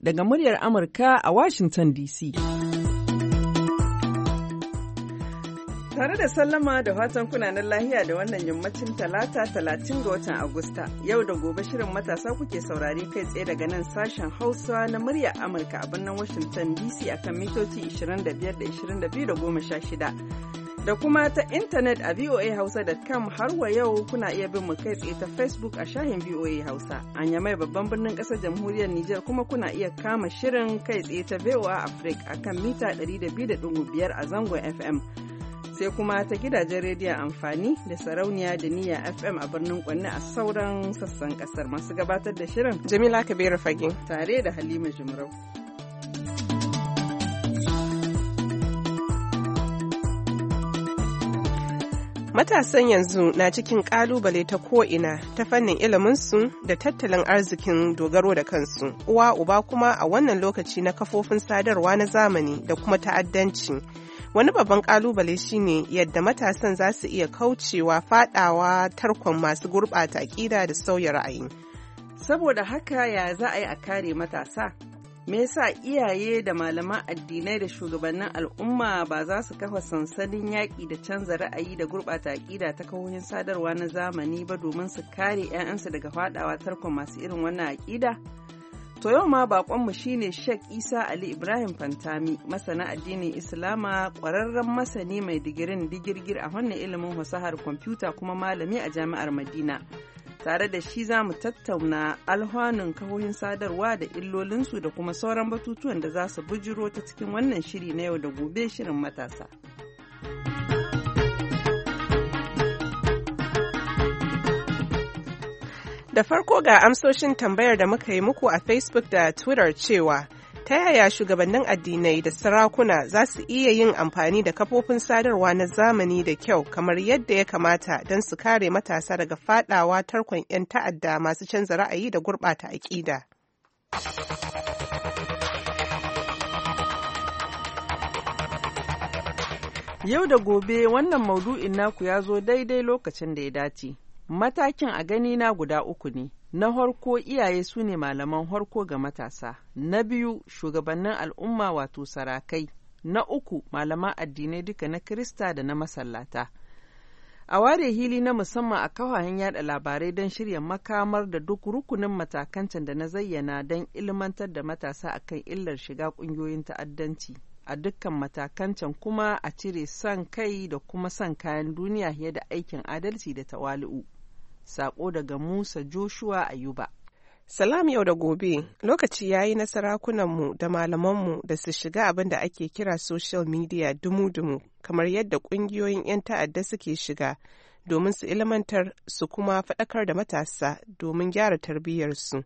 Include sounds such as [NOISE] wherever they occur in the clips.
Daga muryar Amurka a Washington DC. Tare da sallama da fatan kunanan lahiya da wannan yammacin talata talatin ga watan Agusta. Yau da gobe shirin matasa kuke saurari kai tsaye daga nan sashen Hausa na muryar Amurka a birnin Washington DC akan mitoci 25 da 22 da 16. da kuma ta intanet a voahausa.com har wa yau kuna iya bin mu kai tsaye ta facebook a shahin voa hausa an yamai babban birnin kasar jamhuriyar niger kuma kuna iya kama shirin kai tsaye ta voa africa kan mita 200.5 a zangon fm sai kuma ta gidajen rediyon amfani da sarauniya da niyya fm a birnin kwanne a sauran sassan kasar masu gabatar da shirin jamila kabiru fage tare da halima jimarau Matasan yanzu na cikin ƙalubale ta ko'ina ta fannin iliminsu da tattalin arzikin dogaro da kansu, uwa uba kuma a wannan lokaci na kafofin sadarwa na zamani da kuma ta'addanci. Wani babban ƙalubale shine yadda matasan za su iya kaucewa faɗawa tarkon masu gurɓata ƙida, da sauya ra'ayi. Saboda haka ya za a yi a kare matasa? Me yasa iyaye da malaman addinai da shugabannin al'umma ba za su kafa sansanin yaƙi da canza ra'ayi da gurɓata aƙida ta kawohin sadarwa na zamani ba domin su kare 'ya'yansu daga faɗawa tarkon masu irin wannan aƙida? To yau ma baƙonmu shine Sheikh Isa Ali Ibrahim Fantami, masana addinin Islama, ƙwararren masani mai digirin digirgir a wannan ilimin fasahar kwamfuta kuma malami a Jami'ar Madina. tare da shi za mu tattauna alhwanin kahohin sadarwa da illolinsu da kuma sauran batutuwan da za su bujiro ta cikin wannan shiri na yau da gobe shirin matasa. Da farko ga amsoshin tambayar da muka yi muku a Facebook da Twitter cewa ta yaya shugabannin addinai da sarakuna za su iya yin amfani da kafofin sadarwa na zamani da kyau kamar yadda ya kamata don su kare matasa daga fadawa tarkon 'yan ta'adda masu canza ra'ayi da gurɓata aƙida. Yau da gobe wannan maudu'in naku ya zo daidai lokacin da ya dace. Matakin a gani na guda uku ne, na harko iyaye su ne malaman harko ga matasa, na biyu shugabannin al'umma wato sarakai, na uku malaman addinai duka na Kirista da na masallata. A ware hili na musamman a kawahan yada labarai don shirya makamar da duk rukunin matakancin da na zayyana don ilmantar da matasa akan illar shiga kungiyoyin ta'addanci. a dukkan matakancan kuma a cire son kai da kuma son kayan duniya fiye da aikin adalci da tawali'u. Sako daga Musa Joshua Ayuba. Salam yau da gobe, lokaci ya yi na sarakunanmu da malamanmu da su shiga abin da ake kira social media dumu-dumu kamar yadda ƙungiyoyin 'yan ta'adda suke shiga domin su ilimantar su kuma faɗakar da matasa domin gyara tarbiyyarsu.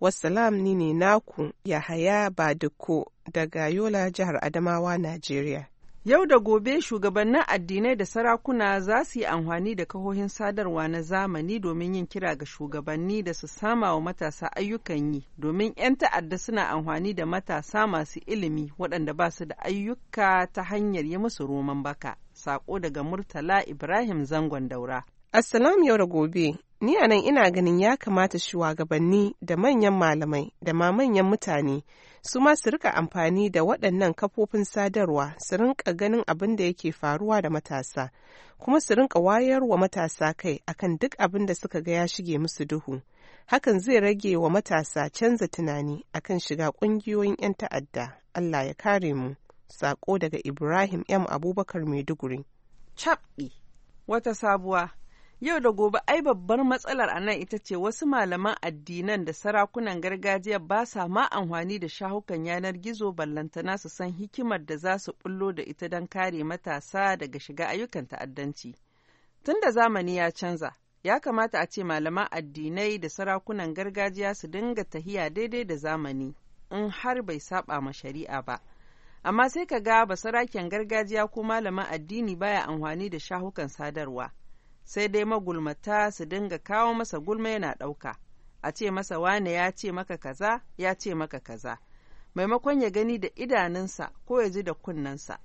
Wassalam ni ne naku Yahaya Badiko daga Yola jihar Adamawa, Najeriya. Yau da gobe shugabannin addinai da sarakuna za su yi amfani da kahohin sadarwa na zamani domin yin kira ga shugabanni da su sama wa matasa ayyukan yi domin 'yan ta'adda suna amfani da matasa masu ilimi waɗanda ba su da ayyuka ta hanyar yi musu roman baka. Sako daga Murtala Ibrahim Zangon Daura. Assalamu yau da gobe, ni a nan ina ganin ya kamata shugabanni da manyan malamai da ma manyan mutane su ma su rika amfani da waɗannan kafofin sadarwa su rinka ganin abin da yake faruwa da matasa, kuma su rinka wa matasa kai akan duk abin da suka ga ya shige musu duhu. Hakan zai rage wa matasa canza tunani akan shiga ƙungiyoyin 'yan ta'adda. Allah ya kare mu. Sako daga Ibrahim M. Abubakar Maiduguri. Cabɗi, wata sabuwa. Yau da gobe ai babbar matsalar a nan ita ce wasu malaman addinan da sarakunan gargajiya ba sa ma amfani da shahukan yanar gizo ballantana su san hikimar da za su bullo da ita don kare matasa daga shiga ayyukan ta'addanci. Tun da zamani ya canza, ya kamata a ce malaman addinai da sarakunan gargajiya su dinga tahiya daidai da zamani in har bai saba ma shari'a ba. Amma sai ka ga ba sarakin gargajiya ko malaman addini baya amfani da shahukan sadarwa. sai dai magulmata su dinga kawo masa gulma yana ɗauka a ce masa wane ya ce maka kaza ya ce maka kaza maimakon ya gani da idanunsa ko ya ji da kunnensa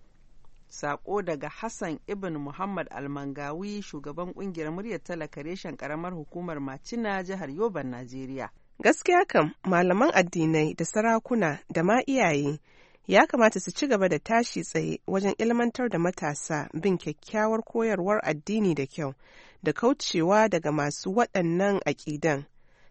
Saƙo daga hassan ibn muhammad almangawi shugaban ƙungiyar muryar talaka reshen karamar hukumar macina jihar yoban najeriya gaskiya kam malaman addinai da sarakuna da ma iyaye ya kamata su ci gaba da tashi tsaye wajen ilmantar da matasa bin kyakkyawar koyarwar addini da kyau da kaucewa daga masu waɗannan aƙidan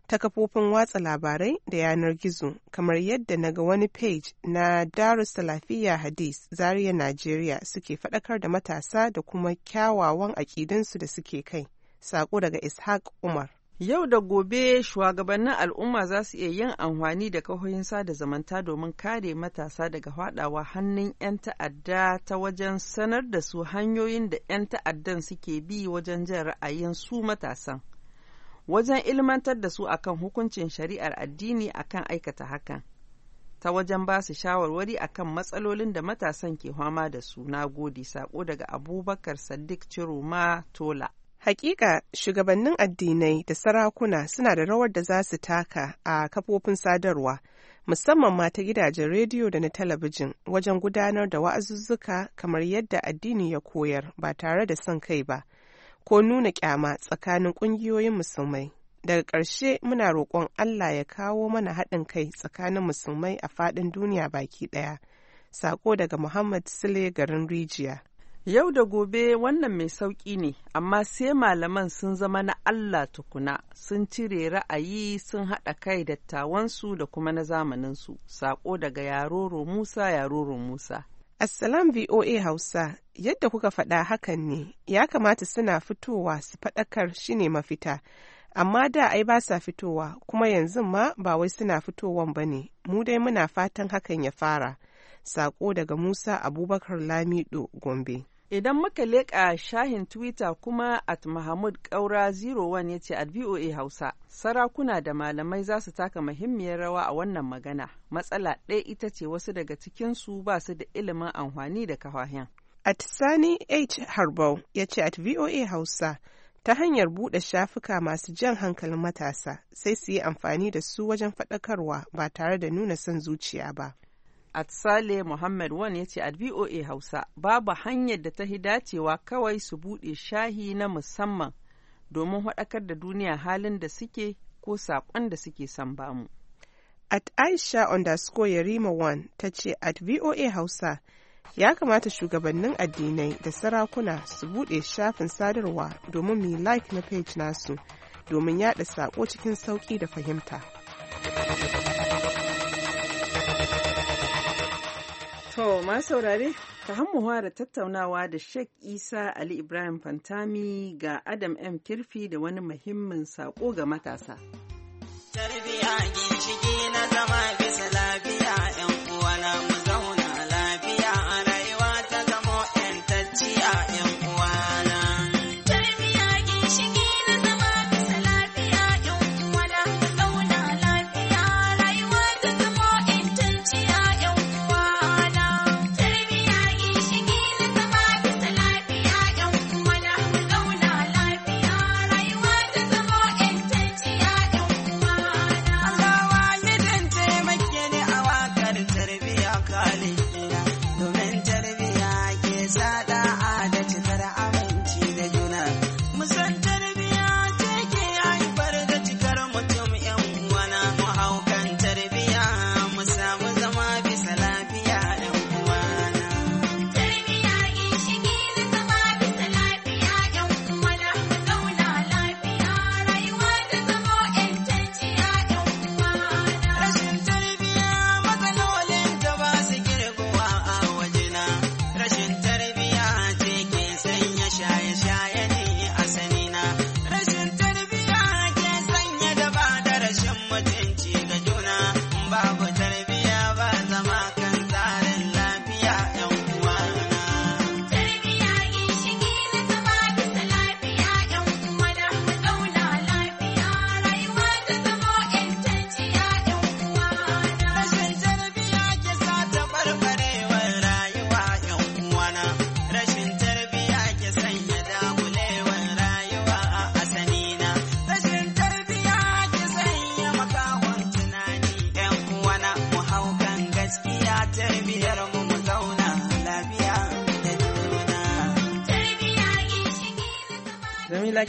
ta kafofin watsa labarai da yanar gizo kamar yadda na ga wani page na darus salafiya hadis zaria Najeriya, suke faɗakar da matasa da kuma kyawawan aƙidansu da suke kai saƙo daga ishaq umar Yau da gobe shugabannin al'umma za su iya yin amfani da kahoyin sada zamanta domin kare matasa daga hwadawa hannun 'yan ta'adda ta wajen sanar da su hanyoyin da 'yan ta'addan suke bi wajen jin ra'ayin su matasan. Wajen ilmantar da su akan hukuncin shari'ar addini akan aikata hakan. Ta wajen ba su shawarwari akan matsalolin da matasan ke fama da su. Na gode, sako daga Abubakar Sadiq Chiroma Tola. Hakika shugabannin addinai da sarakuna suna da rawar da za su taka a kafofin sadarwa, musamman ma ta gidajen rediyo da na talabijin wajen gudanar da wa'azuzzuka kamar yadda addini ya koyar ba tare da son kai ba, ko nuna kyama tsakanin ƙungiyoyin musulmai. Daga ƙarshe muna roƙon Allah ya kawo mana haɗin kai tsakanin musulmai a faɗin duniya baki ɗaya. Sako daga Muhammad Sule garin Rijiya. Yau da gobe wannan mai sauƙi ne, amma sai malaman sun zama na Allah tukuna, sun cire ra'ayi sun haɗa kai dattawansu da kuma na zamaninsu, saƙo daga yaroro Musa yaroro Musa. Assalam VOA Hausa, yadda kuka faɗa hakan ne, ya kamata suna fitowa su faɗakar shi ne mafita, amma da ai ba sa fitowa, kuma yanzu ma ba wai suna fitowan ba ne, mu dai muna fatan hakan ya fara. Saƙo daga Musa Abubakar Lamido Gombe. Idan muka leƙa shahin Twitter kuma at Mahmud Kaura 01 ya ce at VOA Hausa, sarakuna da malamai za su taka muhimmiyar rawa a wannan magana. Matsala ɗaya ita ce wasu daga cikinsu ba su da ilimin amfani da kawahin. At Sani H. Harbau ya ce at VOA Hausa, ta hanyar buɗe shafuka masu jan hankalin matasa sai su yi amfani da su wajen faɗakarwa ba tare da nuna son zuciya ba. Atsale Muhammad Wan ya ce a VOA Hausa babu hanyar da ta dacewa kawai su buɗe shahi na musamman domin haɗakar da duniya halin da suke ko saƙon da suke son bamu. At Aisha underscore Yarima Wan ta ce at VOA Hausa ya kamata shugabannin addinai da sarakuna su buɗe shafin sadarwa domin mai like na page nasu domin yaɗa saƙo cikin sauƙi da fahimta. To, ma saurare, ta hannu da tattaunawa da Sheikh Isa Ali Ibrahim Fantami ga Adam M. Kirfi da wani muhimmin saƙo ga matasa. Tarbiya ginshiki na zama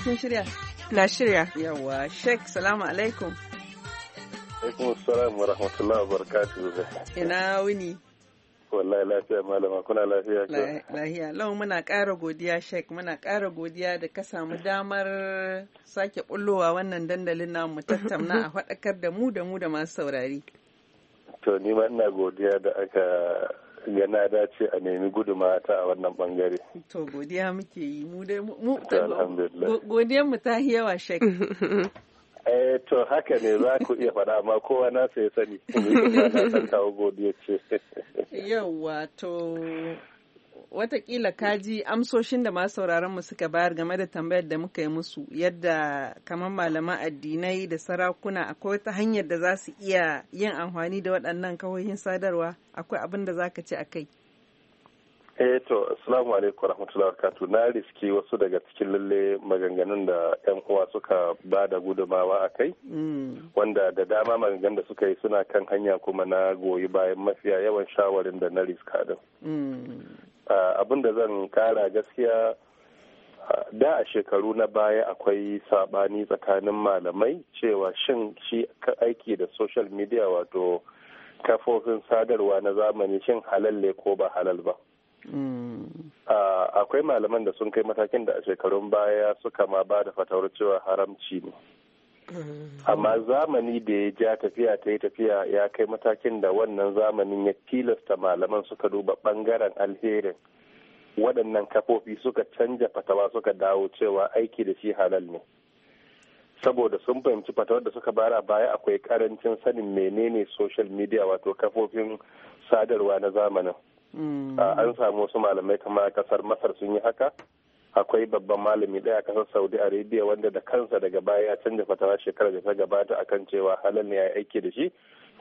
kin shirya? Na shirya. Yawa, Sheikh, salamu alaikum. Alaikum salam wa rahmatullahi wa barakatuhu. Ina wuni. Wallahi lafiya malama kuna lafiya Lafiya. Lau muna ƙara godiya Sheikh muna ƙara godiya da ka samu damar sake bullowa wannan dandalin namu mu tattauna a [LAUGHS] faɗakar da mu da mu da masu saurari. To ni ma ina godiya da aka ga na dace a nemi guduma ta a wannan bangare. To godiya muke yi mu dai mu godiyar mu ta yawa shek. [LAUGHS] Eh to haka ne za ku iya faɗa amma kowa na sai sani. Ni Yawwa [LAUGHS] to watakila kaji amsoshin da masu sauraron mu suka bayar game da tambayar da muka yi musu yadda kamar malaman addinai da sarakuna akwai wata hanyar da za su iya yin amfani da waɗannan kawoyin sadarwa akwai abin da za ka ci a kai eh to assalamu alaikum rahmatullahi wabarakatu na riski wasu daga cikin lalle maganganun da yan uwa suka ba da gudumawa a kai hmm. wanda da dama maganganun da suka yi suna kan hanya kuma na goyi bayan mafiya yawan shawarin da na riska din hmm. Ah, abin da zan kara gaskiya ah, da a shekaru na baya akwai sabani tsakanin malamai cewa shin shi aiki da social media wato kafofin sadarwa na zamani shin halal ne ko ba halal ba mm. ah, akwai malaman da sun kai matakin da a shekarun baya suka ma ba da fatawar cewa haramci ne amma zamani da ya ja tafiya ta yi tafiya ya kai matakin da wannan zamanin ya tilasta malaman suka duba bangaren alherin waɗannan kafofi suka canja fatawa suka dawo cewa aiki da shi halal ne saboda sun fahimci fatawar da suka bara baya akwai karancin sanin menene social media wato kafofin sadarwa na zamanin mm. an samu wasu malamai kamar kasar masar sun yi haka akwai babban malami ɗaya a ƙasar saudi arabia wanda da kansa daga baya ya canza fatawa shekarar da ta gabata akan cewa halal ne ya aiki da shi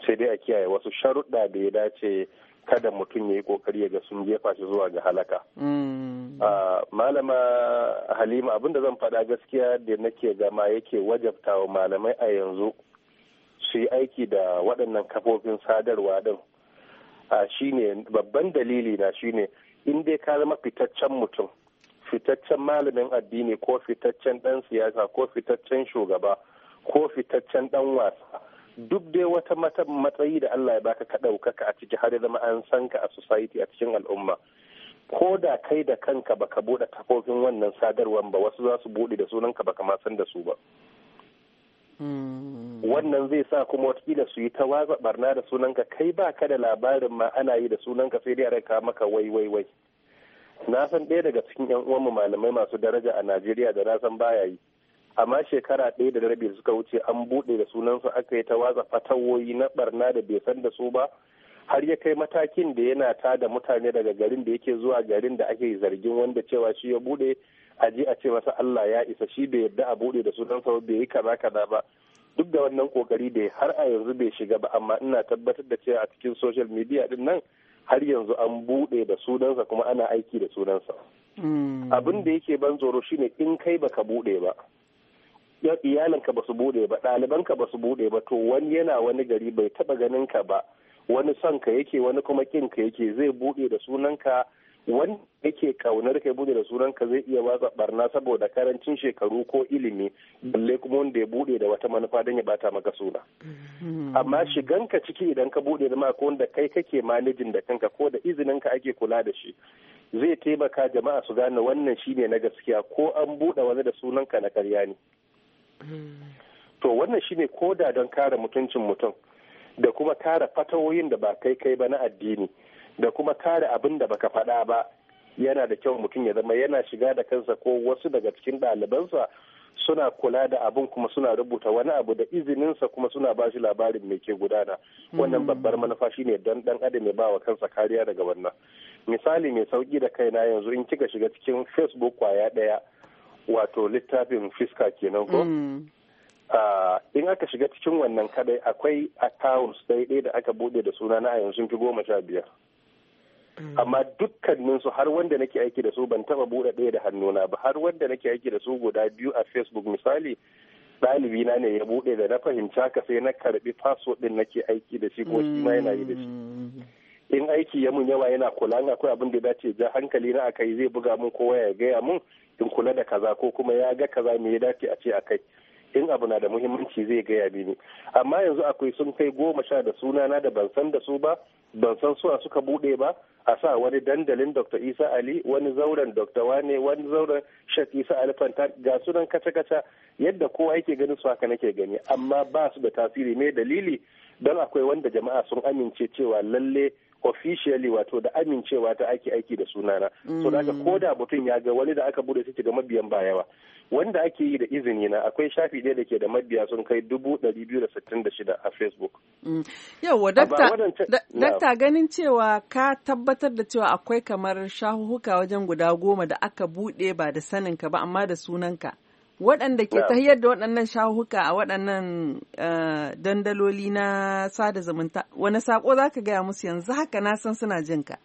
sai dai a kiyaye wasu sharuɗa da ya dace kada mutum ya yi kokari ya ga sun jefa shi zuwa ga halaka. Mm. Ah, malama Halima abin da zan faɗa gaskiya da nake gama yake wajabta wa malamai a yanzu su yi aiki da waɗannan kafofin sadarwa ɗin. Ah, shine babban dalili na shine in dai ka zama fitaccen mutum. fitaccen malamin addini ko fitaccen ɗan siyasa ko fitaccen shugaba ko fitaccen ɗan wasa duk dai wata matsayi da Allah ya baka ka ɗaukaka a ciki har zama an san ka a society a cikin al'umma ko da kai da kanka baka buɗe kafofin wannan sadarwar ba wasu za su buɗe da sunanka baka ma san da su ba hmm. wannan zai sa kuma watakila su yi ta watsa barna da sunanka kai ba ka da labarin ma ana yi da sunanka sai dai a maka wai wai wai na san ɗaya daga cikin yan uwanmu malamai masu daraja a najeriya da na san baya yi amma shekara ɗaya da rabi suka wuce an buɗe da sunansu aka yi ta watsa fatawoyi na barna da bai san da su ba har ya kai matakin da yana ta da mutane daga garin da yake zuwa garin da ake zargin wanda cewa shi ya buɗe a je a ce masa Allah ya isa shi bai yarda a buɗe da sunansa bai yi kaza kaza ba duk da wannan kokari da har a yanzu bai shiga ba amma ina tabbatar da cewa a cikin social media din nan har yanzu an buɗe da sunansa kuma ana aiki da sunansa mm. abin da yake ban tsoro shine in kai baka buɗe ba iyalinka ba su buɗe ba ɗalibanka ba su buɗe ba to wani yana wani gari bai taɓa ganin ka ba wani son ka yake wani kuma kinka yake zai buɗe da sunanka da yake kaunar kai bude da sunan ka zai iya watsa barna saboda karancin shekaru ko ilimi balle kuma wanda ya bude da wata manufa don ya bata maka suna mm-hmm. amma shigan ka ciki idan ka bude da mako wanda kai kake manajin da kanka ko da izinin ka ake kula da shi zai taimaka jama'a su gane wannan shine na gaskiya ko an bude wani da sunan ka na karya ne mm-hmm. to wannan shine koda don kare mutuncin mutum da kuma kare fatawoyin da ba kai kai ba na addini da kuma kare abin da baka faɗa ba yana da kyau mutum ya zama yana shiga da kansa ko wasu daga cikin ɗalibansa suna kula da abin kuma suna rubuta wani abu da izininsa kuma suna ba shi labarin mai ke gudana wannan mm. babbar manufa shine don dan adam ya ba wa kansa kariya daga wannan misali mai sauki da kaina yanzu in kika shiga cikin facebook kwaya daya wato littafin fiska kenan ko mm. in aka shiga cikin wannan kadai akwai accounts daidai da aka bude da suna na yanzu fi goma sha biyar Mm. amma dukkanin su har wanda nake aiki da su ban taba bude ɗaya da hannuna ba har wanda nake aiki da su guda biyu a facebook misali ɗalibi na ne ya bude da na fahimci haka sai na karbi password din nake aiki da shi ko shi ma yana yi da shi mm. in aiki ya mun yawa yana kula in akwai abin da ya dace ja hankali na akai zai buga mun kowa ya gaya mun in kula da kaza ko kuma ya ga kaza me ya dace a ce akai in abu na da muhimmanci zai gaya mini amma yanzu akwai sun kai goma sha da suna na da ban san da su ba ban san su a suka bude ba a sa wani dandalin dr isa ali wani zauren dr wane wani zauren shek isa ali fanta ga sunan kaca-kaca yadda kowa yake ganin su haka nake gani amma ba su da tasiri mai dalili don akwai wanda jama'a sun amince cewa lalle officially wato da amincewa ta ake aiki da sunana so da mm. ko da mutum ya ga wani da aka bude suke ga mabiyan ba yawa wanda ake yi da izini na akwai shafi ɗaya da ke da mabiya sun kai dubu ɗari biyu da sittin da shida a facebook mm. yawwa dakta ganin cewa ka tabbatar da cewa akwai kamar shahuhuka wajen guda goma da aka buɗe ba da saninka ba amma da sunanka waɗanda ke tahiyar da waɗannan shahuka a waɗannan eh, dandaloli na sada zumunta wani sako za ka gaya musu yanzu haka na san suna jin ka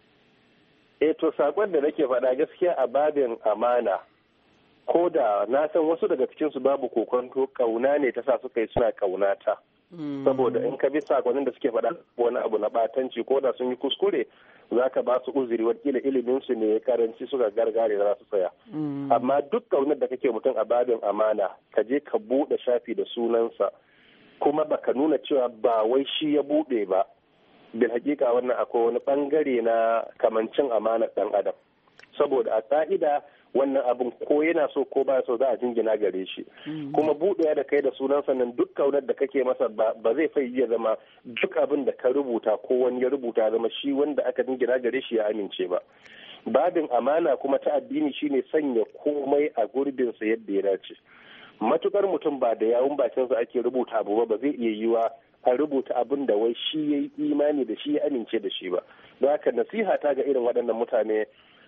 eh to sakon da nake faɗa gaskiya a babin amana ko da na san wasu daga cikinsu babu kokonto kauna ne ta sa suka yi suna kaunata mm. saboda in ka bi sakonni da suke faɗa wani abu na batanci ko da sun yi kuskure za ka ba su uzuri wakila ilimin su ne ya karanci suka gargare za su tsaya mm. amma duk kaunar da kake mutum a babin amana ka je ka buɗe shafi da sunansa kuma ba ka nuna cewa ba wai shi ya buɗe ba bil hakika wannan akwai wani bangare na kamancin amana ɗan adam saboda a ƙa'ida wannan abin ko yana so ko ba so za a jingina gare shi mm. kuma buɗewa da kai da sunan sannan duk kaunar da kake masa ba zai fai iya zama duk abin da ka rubuta ko wani ya rubuta zama shi wanda aka jingina gare shi ya amince ba babin amana kuma ta addini shine sanya komai a gurbin sa yadda ya dace matukar mutum ba da yawun bakinsa ake rubuta abu ba ba zai iya yiwa a rubuta abin da wai shi ya yi imani da shi ya amince da shi ba don haka nasiha ta ga irin waɗannan mutane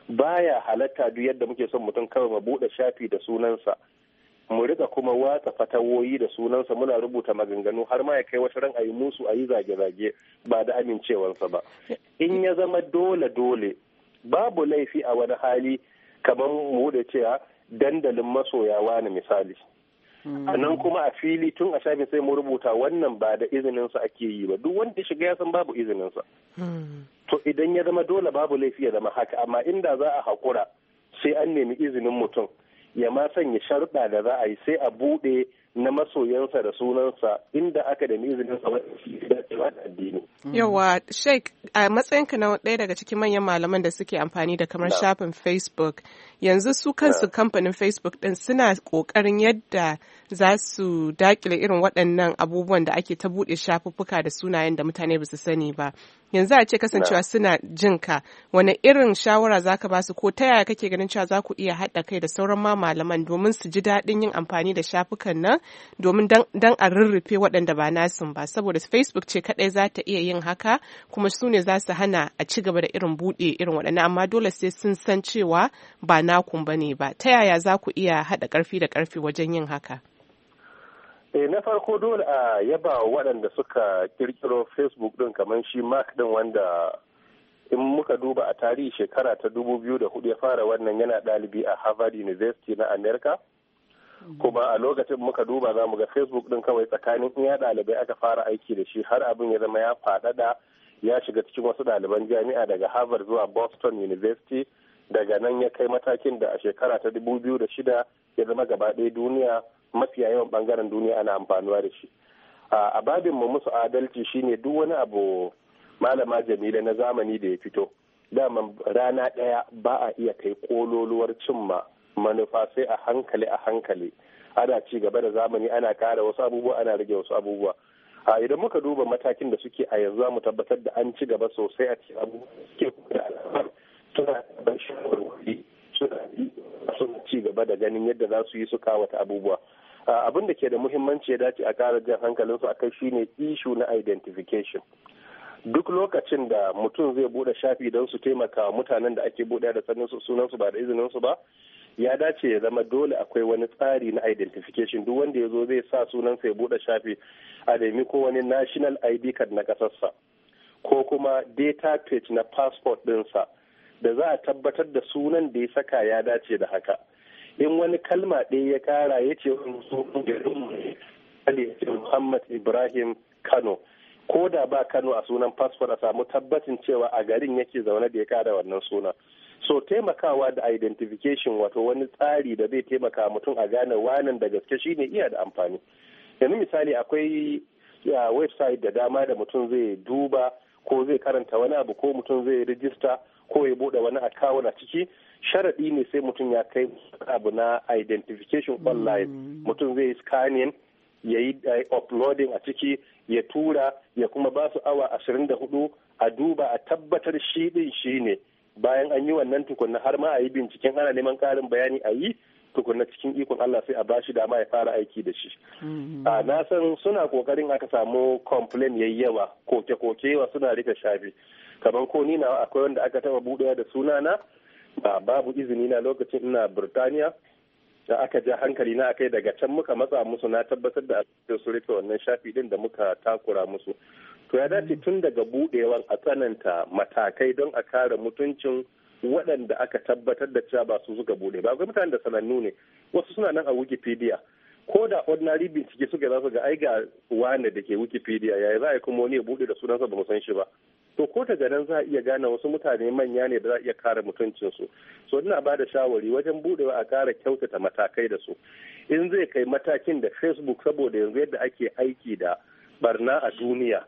baya halatta duk yadda muke son mutum kawai mu buɗe shafi da sunansa mu rika kuma watsa fatawoyi da sunansa muna rubuta maganganu har ma ya kai wata ran a yi musu a yi zage-zage ba da amincewarsa ba in ya zama dole-dole babu laifi a wani hali kamar mu da cewa dandalin masoyawa na misali Mm. sannan kuma a fili tun a shafin sai mu rubuta wannan ba da izininsa ake yi ba duk wanda ya shiga ya san babu izininsa. Mm. to idan ya zama dole babu laifi ya zama haka amma inda za a hakura sai an nemi izinin mutum ya ma sanya sharuɗa da za a yi sai a buɗe na masoyansa da sunansa inda aka da izinin sa dacewa da addini. Yawa, Sheik, a matsayinka na ɗaya daga cikin manyan malaman da suke amfani da kamar shafin Facebook, yanzu su kansu kamfanin Facebook ɗin suna ƙoƙarin yadda za su dakile irin waɗannan abubuwan da ake ta buɗe shafuffuka da sunayen da mutane ba su sani ba. Yanzu a ce kasancewa suna jin ka, wani irin shawara za ka ba su ko ta yaya kake ganin cewa za ku iya haɗa kai da sauran ma malaman domin su ji daɗin yin amfani da shafukan nan domin dan a rurrufe waɗanda ba nasun ba saboda facebook ce kaɗai za ta iya yin haka kuma su ne za su hana a ci gaba da irin buɗe irin waɗannan amma dole sai sun san cewa ba nakun ba ne ba ta yaya za ku iya haɗa ƙarfi da ƙarfi wajen yin haka Eh, na farko dole a yaba waɗanda suka kirkiro facebook ɗin kamar shi mark ɗin wanda in muka duba a tarihi shekara ta 2004 ya fara wannan yana ɗalibi a harvard university na america kuma a lokacin muka duba za mu ga facebook din kawai tsakanin iya ɗalibai aka fara aiki da shi har abin ya zama ya faɗaɗa ya shiga cikin wasu ɗaliban jami'a daga harvard zuwa boston university daga nan ya kai matakin da a shekara ta dubu biyu da shida ya zama gaba ɗaya duniya mafiya yawan bangaren duniya ana amfanuwa da shi a babin mu musu adalci shine duk wani abu malama jamila na zamani da ya fito dama rana ɗaya ba a iya kai kololuwar cimma manufa sai a hankali a hankali ana ci gaba da zamani ana kara wasu abubuwa ana rage wasu abubuwa a idan muka duba matakin da suke a yanzu mu tabbatar da an ci gaba sosai a cikin abubuwa suke suna ban shawarwari suna suna ci gaba da ganin yadda za su yi su kawata abubuwa abin da ke da muhimmanci ya dace a kara jan hankalinsu a kai shine ishu na identification duk lokacin da mutum zai bude shafi don su taimaka mutanen da ake bude da sanin su ba da izinin su ba ya dace ya zama dole akwai wani tsari na identification duk wanda ya zo zai sa sunansa ya buɗe shafi a nemi ko wani national id card na kasarsa ko kuma data page na passport dinsa da za a tabbatar da sunan da ya saka ya dace da haka in wani kalma ɗaya ya kara ya ce wani Muhammad Ibrahim Kano ko da ba Kano a sunan passport a samu tabbacin cewa a garin yake zaune da ya ƙara wannan sunan. so taimakawa da identification wato wani tsari da zai taimaka mutum a gane wanan da gaske shine iya da amfani yanzu misali akwai website da dama da mutum zai duba ko zai karanta wani abu ko mutum zai rijista ko ya bude wani akawun a ciki sharaɗi ne sai mutum ya kai abu na identification online mm. mutum zai scanning ya yi uploading a ciki ya tura ya kuma ba su awa 24 a duba a tabbatar shi din shi ne bayan an yi wannan tukunna har ma a yi binciken ana neman karin bayani a yi tukunna cikin ikon Allah sai a ba dama ya fara aiki da shi. Mm-hmm. A na san suna kokarin aka samu complain yayyawa koke-kokewa suna rika shafi. Kamar ko ni na akwai wanda aka taba buɗewa da sunana ba babu izini na lokacin ina Birtaniya da aka ja hankali na kai daga can muka matsa musu na tabbatar da su rufe wannan shafi din da muka takura musu to ya dace tun daga budewan a tsananta matakai don a kare mutuncin waɗanda aka tabbatar da cewa ba su suka bude ba akwai mutanen da sanannu ne wasu suna nan a wikipedia ko da ordinary bincike suka za su ga aiga ga wane da ke wikipedia yaya za a yi kuma wani ya bude da sunansa ba mu san shi ba to ko daga nan za a iya gane wasu mutane manya ne da za a iya kare mutuncinsu so ina ba da shawari wajen budewa a kara kyautata matakai da su in zai kai matakin da facebook saboda yanzu yadda ake aiki da barna a duniya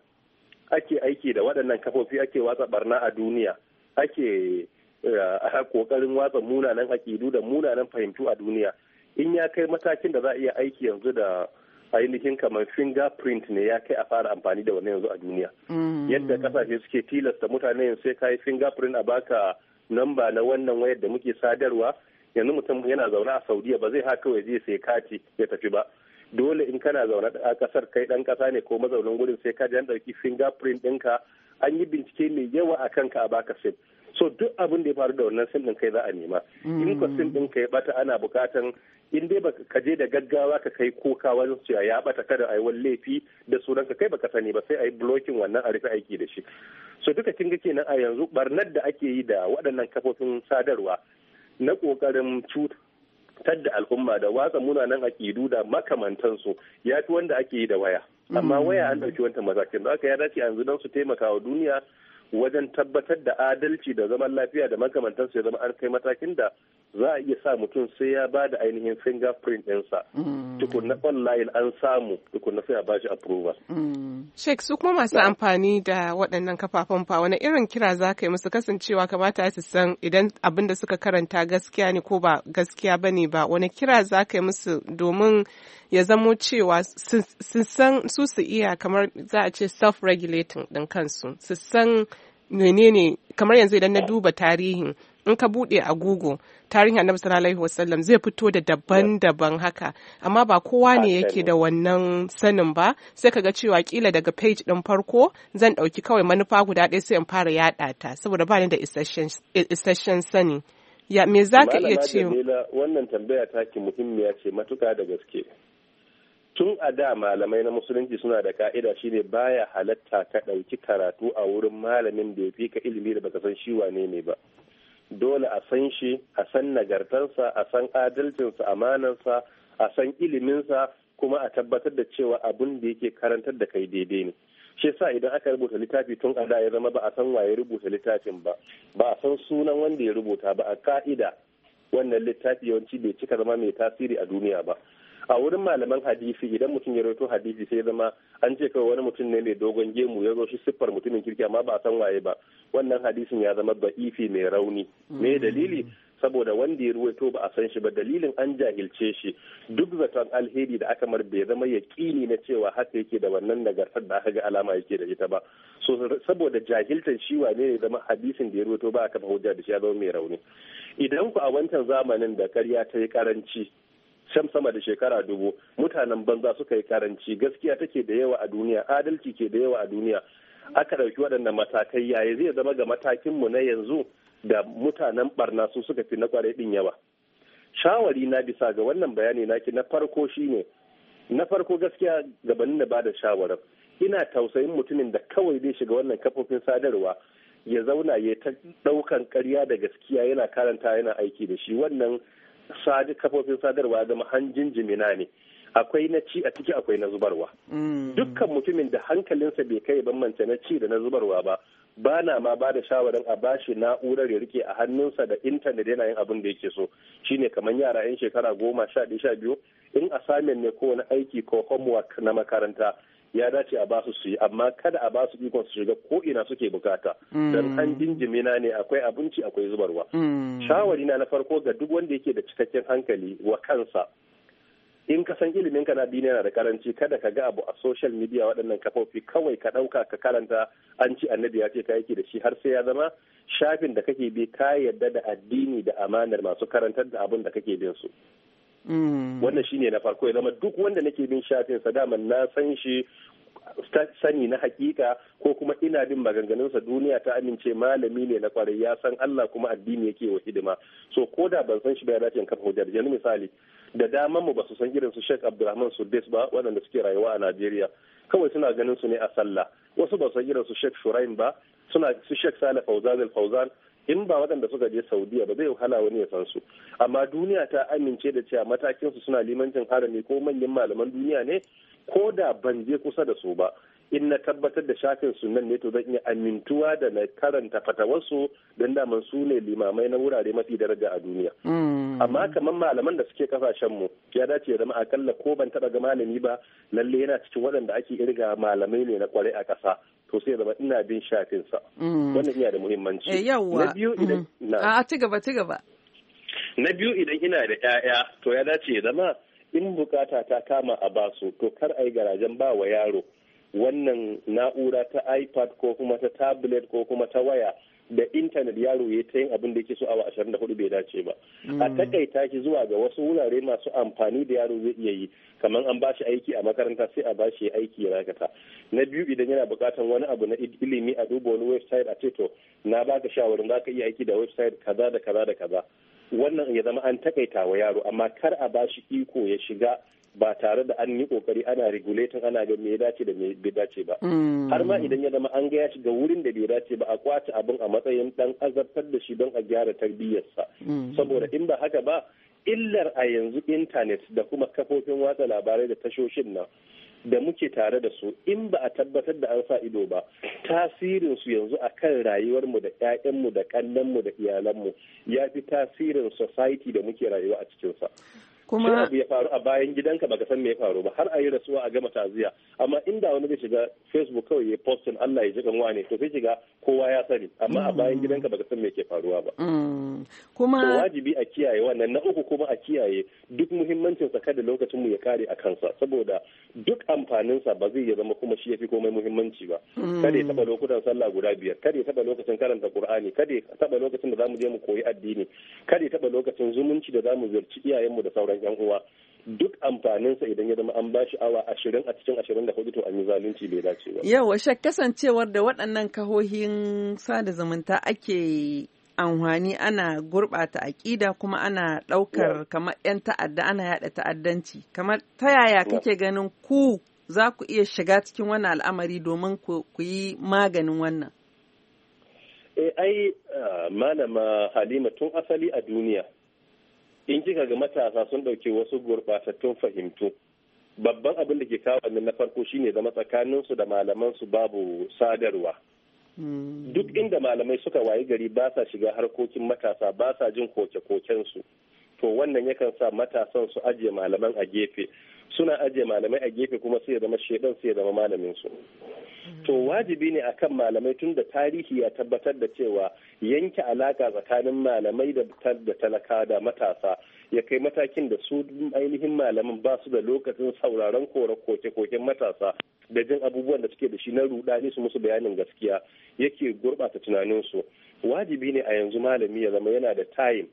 ake aiki da waɗannan kafofi ake watsa barna a duniya ake kokarin eh, [LAUGHS] watsa munanan aƙidu da munanan fahimtu a duniya in ya kai matakin da za a iya aiki yanzu da ainihin kamar fingerprint ne ya kai a fara amfani da wannan yanzu a duniya mm. yadda kasashe suke tilasta mutane sai ka yi fingerprint a baka namba na wannan wayar da muke sadarwa yanzu mutum yana zaune a saudiya ba zai haka kawai zai sai kati ya tafi ba dole in kana zaune a kasar kai dan kasa ne ko mazaunin gurin sai ka jan dauki fingerprint ɗinka an yi bincike mai yawa a kanka a baka sim so duk abin da ya faru da wannan sim kai za a nema in ka sim din ka bata ana bukatan in dai baka ka je da gaggawa ka kai koka wajen su ya bata kada ai wani laifi da sunan ka kai baka sani ba sai ai blocking wannan a rufe aiki da shi so duka kin ga kenan a yanzu barnar da ake yi da waɗannan kafofin sadarwa na kokarin cuta da al'umma da watsa munanan aƙidu da makamantansu ya fi wanda ake yi da waya amma waya an ɗauki wanta matakin da aka ya dace yanzu don su taimaka wa duniya wajen tabbatar da adalci da zaman lafiya da makamantansu ya zama an kai matakin da za a iya sa mutum sai ya ba da ainihin fingerprint ɗinsa mm. na online an samu na sai a ba shi approval. Mm. Sheikh su kuma masu amfani da waɗannan kafafen fa wani irin kira za ka yi musu kasancewa kamata su san idan abin da suka karanta gaskiya ne ko ba gaskiya ba ne ba wani kira za ka yi musu domin ya zamo cewa su san su su iya kamar za a ce self-regulating ɗin kansu su san menene kamar yanzu idan na duba tarihin in ka bude agogo tarihin annabi sallallahu alaihi wasallam zai fito da daban-daban haka amma ba kowa ne yake da wannan sanin ba sai ka ga cewa kila daga page din farko zan dauki kawai manufa guda ɗaya sai in fara yada ta saboda ba ni da isasshen sani ya me za ka iya ce wannan tambaya taki muhimmiya ce matuka da gaske tun a da malamai na musulunci suna da ka'ida shine baya halatta ka ɗauki karatu a wurin malamin da ya fi ka ilimi da baka san shi wane ne ba dole a san shi a san nagartarsa a san adalcinsa amanarsa a san iliminsa kuma a tabbatar da cewa abin da yake karantar da kai daidai ne shi sa idan aka rubuta littafi tun a da ya zama ba a san waye rubuta littafin ba ba a san sunan wanda ya rubuta ba a ka'ida wannan littafi yawanci bai cika zama mai tasiri a duniya ba a wurin malaman hadisi idan mutum ya rawaito hadisi sai zama an ce kawai wani mutum ne mai dogon gemu ya zo shi siffar mutumin kirki amma ba san waye ba wannan hadisin ya zama ba'ifi mai rauni hmm. me dalili saboda wanda ya ruwaito ba a san shi ba dalilin an jahilce shi duk zaton alheri da aka mar bai zama kini na cewa haka yake da wannan nagartar da aka ga alama yake da ita ba so saboda jahiltar shi wane ne zama hadisin da ya ruwaito ba a kafa hujja da shi ya zama mai rauni idan ku a wancan zamanin da karya ta yi karanci Sham sama da shekara dubu mutanen banza suka yi karanci gaskiya take da yawa a duniya adalci ke da yawa a duniya aka ɗauki waɗannan matakai yaya zai zama ga matakin mu na yanzu da mutanen barna su suka fi na kwarai ɗin yawa shawari na bisa ga wannan bayani naki na farko shine na farko gaskiya gabanin da bada shawarar ina tausayin mutumin da kawai zai shiga wannan kafofin sadarwa ya zauna ya ta ɗaukan karya da gaskiya yana karanta yana aiki da shi wannan sadi kafofin sadarwa da mahanjin jimina ne akwai na ci a ciki akwai na zubarwa mm. dukkan mutumin da hankalinsa bai kai bambance na ci da na zubarwa ba ba na ma ba da shawarin a bashi na'urar ya rike a hannunsa da intanet yana yin abin da yake so shine kamar yara yan shekara goma sha sha biyu in assignment ne ko wani aiki ko homework na makaranta ya dace a basu su yi amma kada a basu ikon su shiga ko ina suke bukata dan an mm. jinjimina ne akwai abinci akwai zubarwa mm. shawari na na farko ga duk wanda yake da cikakken hankali wa kansa in ka san ilimin ka na biyu yana da karanci kada ka ga abu a social media waɗannan kafofi kawai ka ɗauka ka karanta an ci annabi ya ce ka yake da shi har sai ya zama shafin da kake bi ka yadda da addini da amanar masu karantar da abin da kake bin su Mm. wannan shine na farko ya zama duk wanda nake bin shafin sa daman na san shi sani na hakika ko kuma ina bin maganganunsa duniya ta amince malami ne na kwarai ya san Allah kuma addini yake wa hidima so ko da ban san shi ba ya dace in kafa hujjar yanzu misali da daman mu ba su san irin su Sheikh Abdulrahman Sudais ba waɗanda suke rayuwa a Najeriya kawai suna ganin su ne a sallah wasu ba su san irin su Sheikh Shuraim ba suna su Sheikh Saleh Fauzan Fauzan in ba waɗanda suka je saudiya ba zai wahala wani ya san su amma duniya ta amince da cewa matakin su suna limancin harami ko manyan malaman duniya ne ko da ban je kusa da su ba in na tabbatar da shafin su nan ne to zan iya amintuwa da na karanta fatawarsu don daman su ne limamai na wurare mafi daraja a duniya. Mm. amma kamar malaman da suke kasashen mu ya dace ya zama akalla ko ban taba ga malami ba lalle yana cikin waɗanda ake irga malamai ne na kwarai a ƙasa to sai zama ina bin shafin sa mm. wannan yana da muhimmanci eh, na biyu idan mm-hmm. a ci gaba ci gaba na biyu idan ina da ƴaƴa to ya dace ya zama in bukata ta kama a basu to kar a yi garajen ba wa yaro wannan na'ura ta ipad ko kuma ta tablet ko kuma ta waya da intanet yaro ya ta yin abin da yake so awa 24 bai dace ba mm. a takaita shi zuwa ga wasu wurare masu amfani da yaro zai iya yi kamar an ba shi aiki a makaranta sai a ba shi aiki ya dakata na biyu idan yana buƙatar wani abu na ilimi a duba wani website a ce na ba ka shawarin za ka iya aiki da website kaza da kaza da kaza wannan ya zama an takaita wa yaro amma kar a ba shi iko ya shiga ba tare da an yi kokari ana regulating ana ga me ya dace da me bai dace ba mm. har ma idan ya zama an ga ya shiga wurin da bai dace ba a kwace abin a matsayin dan azabtar da shi don a gyara tarbiyyarsa mm. saboda in ba haka ba illar a yanzu intanet da kuma kafofin watsa labarai da tashoshin nan da muke tare da su in ba a tabbatar da an sa ido ba tasirin su yanzu a akan rayuwarmu da 'ya'yanmu da mu da iyalanmu ya fi tasirin society da muke rayuwa a cikinsa kuma abu ya faru a bayan gidanka baka san me ya faru ba har a yi rasuwa a gama taziya amma inda wani zai shiga facebook kawai ya postin Allah ya ji kan wane to sai shiga kowa ya sani amma a bayan mm. gidanka ka san me ke faruwa ba mm. kuma to wajibi a kiyaye wannan na uku kuma a kiyaye duk muhimmancin sa kada lokacin mu ya kare a kansa saboda duk amfanin sa ba zai ya zama kuma shi yafi komai muhimmanci ba mm. kada ya taba lokutan sallah guda biyar kada ya taba lokacin karanta qur'ani kada ya taba lokacin da zamu je mu koyi addini kada ya taba lokacin zumunci da zamu iyayen iyayenmu da sauran sauran yan uwa duk amfaninsa idan ya zama an ba shi awa ashirin a cikin ashirin da hudu to an yi zalunci bai dace ba. Yawa shak kasancewar da waɗannan kahohin sada zumunta ake amfani ana gurɓata aƙida kuma ana ɗaukar kamar 'yan ta'adda ana yaɗa ta'addanci kamar ta yaya kake ganin ku za ku iya shiga cikin wannan al'amari domin ku yi maganin wannan? eh ai ah, malama halima tun asali a duniya in kika ga matasa sun ɗauki wasu gurɓatattun fahimtu babban abin da ke kawo na farko shine zama tsakaninsu da malaman su babu sadarwa hmm. duk inda malamai suka wayi gari ba sa shiga harkokin matasa ba sa jin koke koken su to wannan yakan sa matasan su ajiye malaman a gefe suna ajiye malamai a gefe kuma sai ya zama shedan sai ya zama malamin su to wajibi ne akan malamai tun da tarihi ya tabbatar da cewa yanke alaka tsakanin malamai da talaka da matasa ya kai matakin da su ainihin malamin ba su da lokacin sauraron kore koke-koken matasa da jin abubuwan da suke da shi na rudani su musu bayanin gaskiya yake gurɓata tunaninsu wajibi ne a yanzu malami ya zama yana da time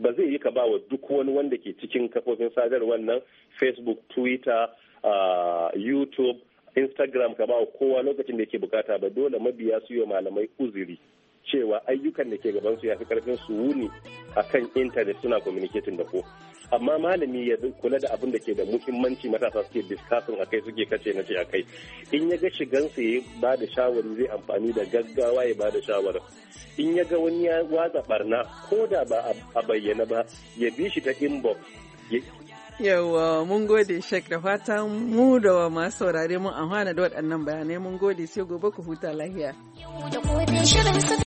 ba zai yi ka ba wa duk wani wanda ke cikin kafofin sadarwar nan facebook twitter uh, youtube instagram ka ba kowa lokacin da yake bukata ba dole mabiya su yi malamai uziri cewa ayyukan da ke gaban su ya fi karfin su wuni a kan intanet suna communicating da ko amma malami ya kula da abin da ke da muhimmanci matasa suke discussing a kai suke kace na ce a kai in ya ga shigansa ya ba da shawari zai amfani da gaggawa ya ba da shawara in ya ga wani ya watsa barna ko da ba a bayyana ba ya bi shi ta inbox yawa mun gode Sheikh da fatan mu da masu saurare mun amfana da waɗannan bayanai mun gode sai gobe ku huta lahiya.